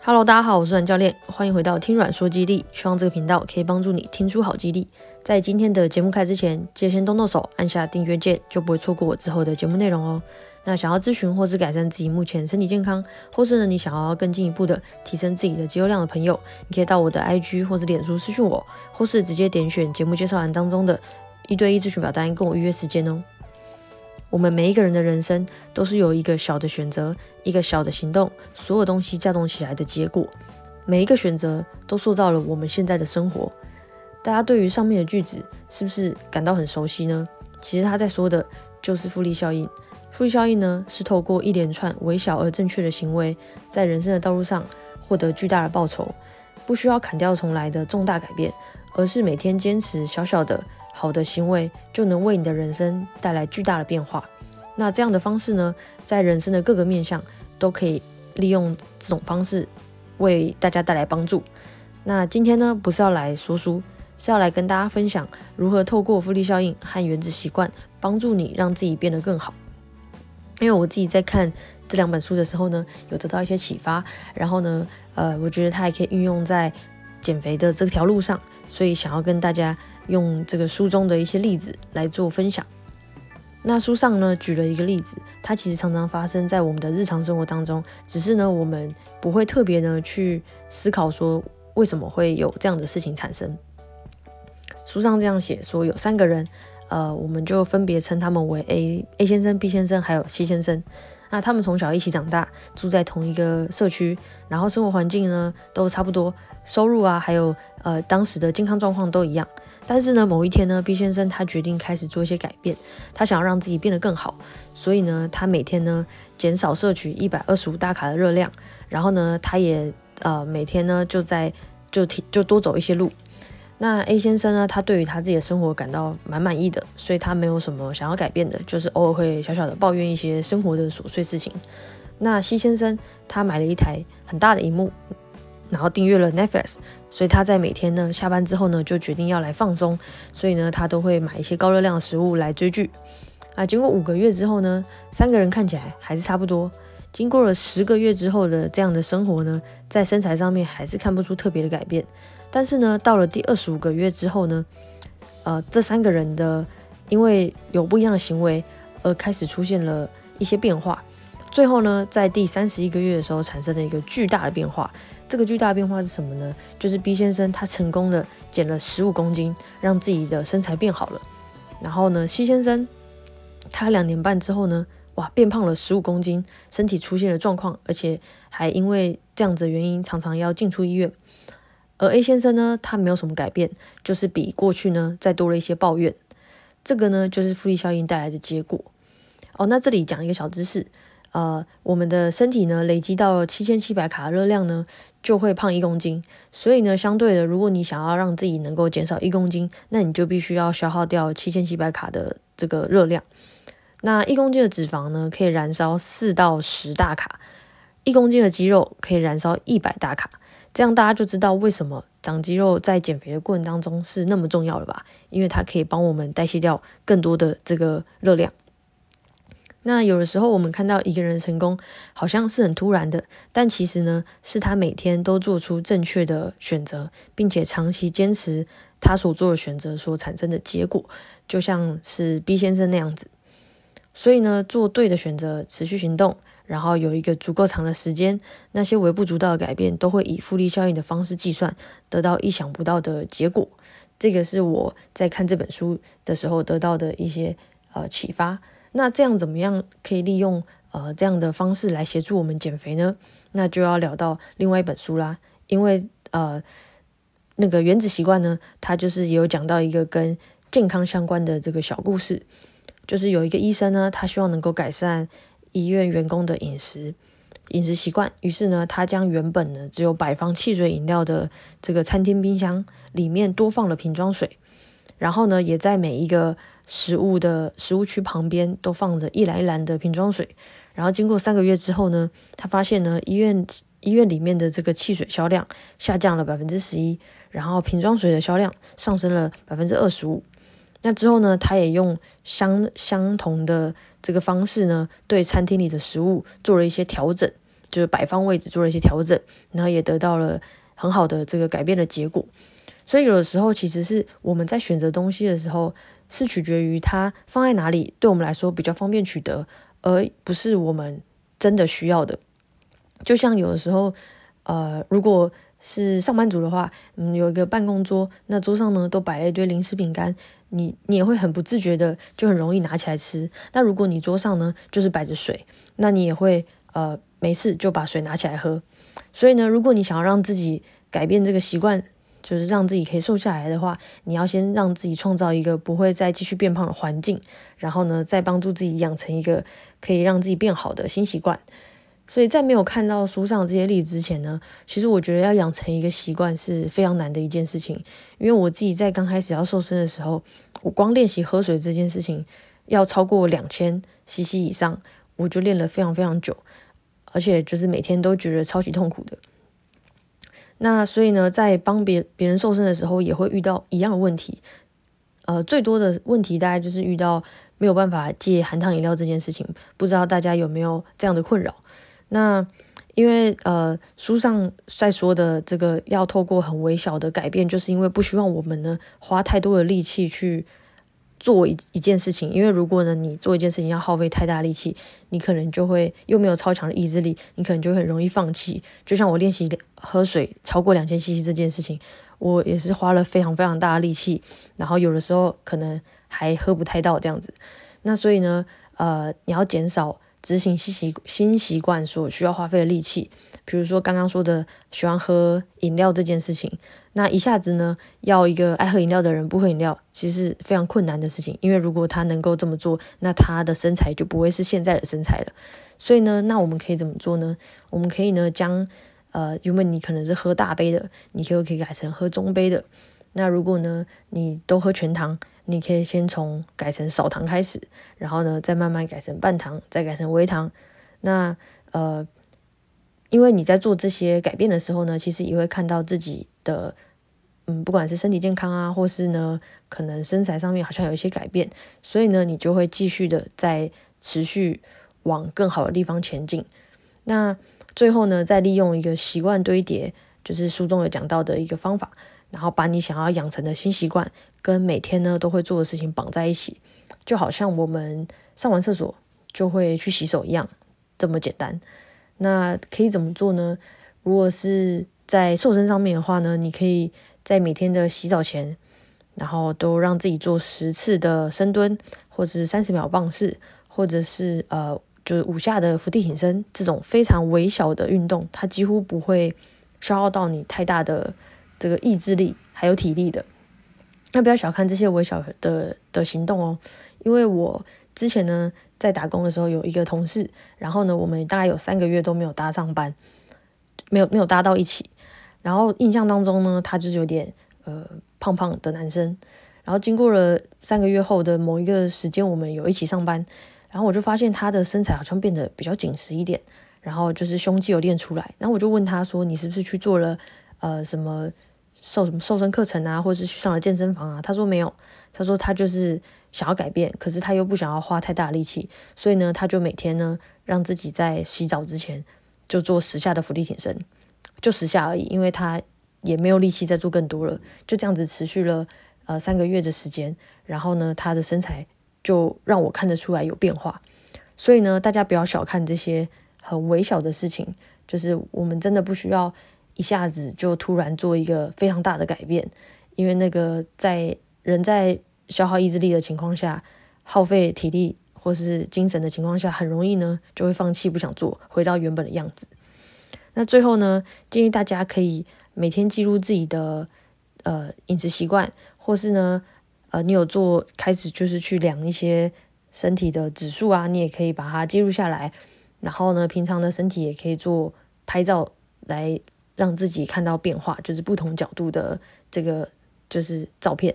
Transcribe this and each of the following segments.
哈嘍大家好，我是阮教練，歡迎回到聽阮說肌力，希望這個頻道可以幫助你聽出好肌力。在今天的節目開始之前，記得先動動手按下訂閱鍵，就不會錯過我之後的節目內容哦。那想要諮詢或是改善自己目前身體健康，或是呢你想要更進一步的提升自己的肌肉量的朋友，你可以到我的 IG 或者臉書私訊我，或是直接點選節目介紹欄當中的一對一諮詢表單，跟我預約時間哦。我們每一個人的人生都是由一個小的選擇、一個小的行動，所有東西加總起來的結果。每一個選擇都塑造了我們現在的生活。大家對於上面的句子是不是感到很熟悉呢？其實他在說的就是複利效應。複利效應呢，是透過一連串微小而正確的行為，在人生的道路上獲得巨大的報酬，不需要砍掉重來的重大改變，而是每天堅持小小的。好的行為就能為你的人生帶來巨大的變化。那這樣的方式呢，在人生的各個面向都可以利用這種方式為大家帶來幫助。那今天呢，不是要來說書，是要來跟大家分享如何透過複利效應和原子習慣幫助你讓自己變得更好。因為我自己在看這兩本書的時候呢，有得到一些啟發，然後呢，呃，我覺得它也可以運用在減肥的這條路上，所以想要跟大家。用這個書中的一些例子來做分享。那書上呢，舉了一個例子，它其實常常發生在我們的日常生活當中，只是呢，我們不會特別呢去思考說，為什麼會有這樣的事情產生。書上這樣寫說，有三個人，呃，我們就分別稱他們為 A A 先生、B 先生，還有 C 先生。那他們從小一起長大，住在同一個社區，然後生活環境呢都差不多，收入啊，還有呃當時的健康狀況都一樣。但是呢，某一天呢，B 先生他決定開始做一些改變，他想要讓自己變得更好，所以呢，他每天呢減少攝取一百二十五大卡的熱量，然後呢，他也呃每天呢就在就挺，就多走一些路。那 A 先生呢，他對於他自己的生活感到蠻滿意的，所以他沒有什麼想要改變的，就是偶爾會小小的抱怨一些生活的瑣碎事情。那 C 先生他買了一台很大的熒幕，然後訂閱了 Netflix，所以他在每天呢下班之後呢就決定要來放鬆，所以呢他都會買一些高熱量的食物來追劇。啊，經過五個月之後呢，三個人看起來還是差不多。經過了十個月之後的這樣的生活呢，在身材上面還是看不出特別的改變。但是呢，到了第二十五個月之後呢，呃，這三個人的因為有不一樣的行為，而開始出現了一些變化。最後呢，在第三十一個月的時候，產生了一個巨大的變化。這個巨大的變化是什麼呢？就是 B 先生他成功的減了十五公斤，讓自己的身材變好了。然後呢，C 先生他兩年半之後呢。哇，變胖了十五公斤，身體出現了狀況，而且還因為這樣子的原因，常常要進出醫院。而 A 先生呢，他沒有什麼改變，就是比過去呢再多了一些抱怨。這個呢，就是複利效應帶來的結果。哦，那這裡講一個小知識，呃，我們的身體呢累積到了七千七百卡熱量呢，就會胖一公斤。所以呢，相對的，如果你想要讓自己能夠減少一公斤，那你就必須要消耗掉七千七百卡的這個熱量。那一公斤的脂肪呢，可以燃燒四到十大卡；一公斤的肌肉可以燃燒一百大卡。這樣大家就知道為什麼長肌肉在減肥的過程當中是那麼重要了吧？因為它可以幫我們代謝掉更多的這個熱量。那有的時候我們看到一個人成功，好像是很突然的，但其實呢，是他每天都做出正確的選擇，並且長期堅持他所做的選擇所產生的結果，就像是 B 先生那樣子。所以呢，做對的選擇，持續行動，然後有一個足夠長的時間，那些微不足道的改變都會以複利效應的方式計算，得到意想不到的結果。這個是我在看這本書的時候得到的一些呃啟發。那這樣怎麼樣可以利用呃這樣的方式來協助我們減肥呢？那就要聊到另外一本書啦，因為呃那個《原子習慣》呢，它就是也有講到一個跟健康相關的這個小故事。就是有一個醫生呢，他希望能夠改善醫院員工的飲食飲食習慣。於是呢，他將原本呢只有擺放汽水飲料的這個餐廳冰箱裡面多放了瓶裝水，然後呢，也在每一個食物的食物區旁邊都放着一籃一籃的瓶裝水。然後經過三個月之後呢，他發現呢醫院醫院裡面的這個汽水銷量下降了百分之十一，然後瓶裝水的銷量上升了百分之二十五。那之後呢，他也用相相同的這個方式呢，對餐廳裡的食物做了一些調整，就是擺放位置做了一些調整，然後也得到了很好的這個改變的結果。所以有的時候，其實是我們在選擇東西的時候，是取決於它放在哪裡對我們來說比較方便取得，而不是我們真的需要的。就像有的時候，呃，如果是上班族的話，嗯，有一個辦公桌，那桌上呢都擺了一堆零食餅乾。你你也會很不自覺的，就很容易拿起來吃。那如果你桌上呢，就是擺着水，那你也會呃沒事就把水拿起來喝。所以呢，如果你想要讓自己改變這個習慣，就是讓自己可以瘦下來的話，你要先讓自己創造一個不會再繼續變胖的環境，然後呢，再幫助自己養成一個可以讓自己變好的新習慣。所以在沒有看到書上這些例子之前呢，其實我覺得要養成一個習慣是非常難的一件事情。因為我自己在剛開始要瘦身的時候，我光練習喝水這件事情，要超過兩千 cc 以上，我就練了非常非常久，而且就是每天都覺得超級痛苦的。那所以呢，在幫別別人瘦身的時候，也會遇到一樣的問題。呃，最多的問題，大概就是遇到沒有辦法戒含糖飲料這件事情，不知道大家有沒有這樣的困擾？那因為呃書上在說的這個要透過很微小的改變，就是因為不希望我們呢花太多的力氣去做一一件事情，因為如果呢你做一件事情要耗費太大力氣，你可能就會又沒有超強的意志力，你可能就很容易放棄。就像我練習喝水超過兩千 cc 這件事情，我也是花了非常非常大的力氣，然後有的時候可能還喝不太到這樣子。那所以呢呃你要減少。執行新習新習慣所需要花費的力氣，比如說剛剛說的喜歡喝飲料這件事情，那一下子呢，要一個愛喝飲料的人不喝飲料，其實是非常困難的事情。因為如果他能夠這麼做，那他的身材就不會是現在的身材了。所以呢，那我們可以怎麼做呢？我們可以呢，將呃，因為你可能是喝大杯的，你可不可以改成喝中杯的？那如果呢，你都喝全糖，你可以先從改成少糖開始，然後呢，再慢慢改成半糖，再改成微糖。那呃，因為你在做這些改變的時候呢，其實也會看到自己的，嗯，不管是身體健康啊，或是呢，可能身材上面好像有一些改變，所以呢，你就會繼續的在持續往更好的地方前進。那最後呢，再利用一個習慣堆疊，就是書中有講到的一個方法。然後把你想要養成的新習慣跟每天呢都會做的事情綁在一起，就好像我們上完廁所就會去洗手一樣，這麼簡單。那可以怎麼做呢？如果是在瘦身上面的話呢，你可以在每天的洗澡前，然後都讓自己做十次的深蹲，或者是三十秒棒式，或者是呃，就是五下的伏地挺身，這種非常微小的運動，它幾乎不會消耗到你太大的。這個意志力還有體力的，那不要小看這些微小的的行動哦。因為我之前呢在打工的時候有一個同事，然後呢我們大概有三個月都沒有搭上班，沒有沒有搭到一起。然後印象當中呢他就是有點呃胖胖的男生。然後經過了三個月後的某一個時間，我們有一起上班，然後我就發現他的身材好像變得比較緊實一點，然後就是胸肌有練出來。然後我就問他說：“你是不是去做了呃什麼？”瘦什麼瘦身課程啊，或者是去上了健身房啊？他說沒有，他說他就是想要改變，可是他又不想要花太大的力氣，所以呢，他就每天呢讓自己在洗澡之前就做十下的伏地挺身，就十下而已，因為他也沒有力氣再做更多了，就這樣子持續了呃三個月的時間，然後呢，他的身材就讓我看得出來有變化，所以呢，大家不要小看這些很微小的事情，就是我們真的不需要。一下子就突然做一個非常大的改變，因為那個在人在消耗意志力的情況下，耗費體力或是精神的情況下，很容易呢就會放棄不想做，回到原本的樣子。那最後呢，建議大家可以每天記錄自己的呃飲食習慣，或是呢呃你有做開始就是去量一些身體的指數啊，你也可以把它記錄下來。然後呢，平常的身體也可以做拍照來。讓自己看到變化，就是不同角度的這個就是照片。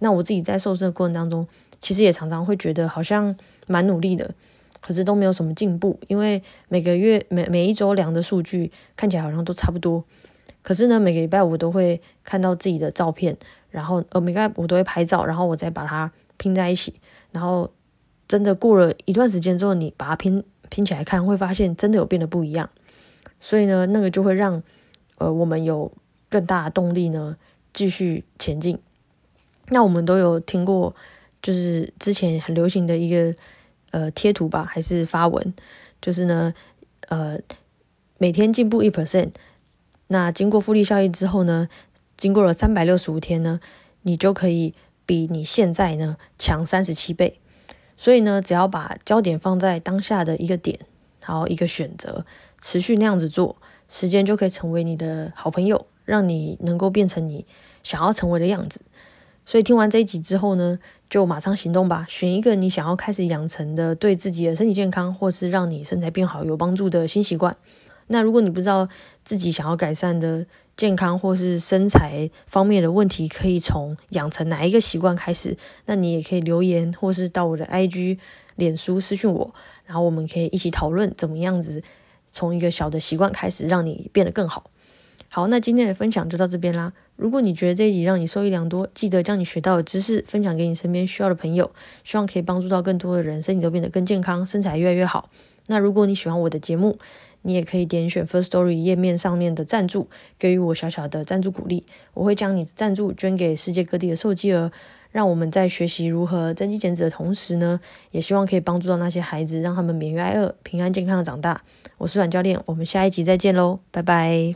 那我自己在瘦身的過程當中，其實也常常會覺得好像蠻努力的，可是都沒有什麼進步，因為每個月每每一周量的數據看起來好像都差不多。可是呢，每個禮拜我都會看到自己的照片，然後呃每個禮拜我都會拍照，然後我再把它拼在一起。然後真的過了一段時間之後，你把它拼拼起來看，會發現真的有變得不一樣。所以呢，那個就會讓。我們有更大的動力呢，繼續前進。那我們都有聽過，就是之前很流行的一個呃貼圖吧，還是發文，就是呢，呃，每天進步一 percent。那經過複利效應之後呢，經過了三百六十五天呢，你就可以比你現在呢強三十七倍。所以呢，只要把焦點放在當下的一個點，然後一個選擇，持續那樣子做，時間就可以成為你的好朋友，讓你能夠變成你想要成為的樣子。所以聽完這一集之後呢，就馬上行動吧！選一個你想要開始養成的，對自己的身體健康或是讓你身材變好有幫助的新習慣。那如果你不知道自己想要改善的健康或是身材方面的問題，可以從養成哪一個習慣開始？那你也可以留言或是到我的 IG、臉書私訊我，然後我們可以一起討論怎麼樣子。從一個小的習慣開始，讓你變得更好。好，那今天的分享就到這邊啦。如果你覺得這一集讓你受益良多，記得將你學到的知識分享給你身邊需要的朋友，希望可以幫助到更多的人，身體都變得更健康，身材越來越好。那如果你喜歡我的節目，你也可以點選 Firstory 頁面上面的贊助，給予我小小的贊助鼓勵，我會將你的贊助捐給世界各地的受飢兒。讓我們在學習如何增肌減脂的同時呢，也希望可以幫助到那些孩子，讓他們免於挨餓，平安健康的長大。我是阮教練，我們下一集再見嘍，拜拜。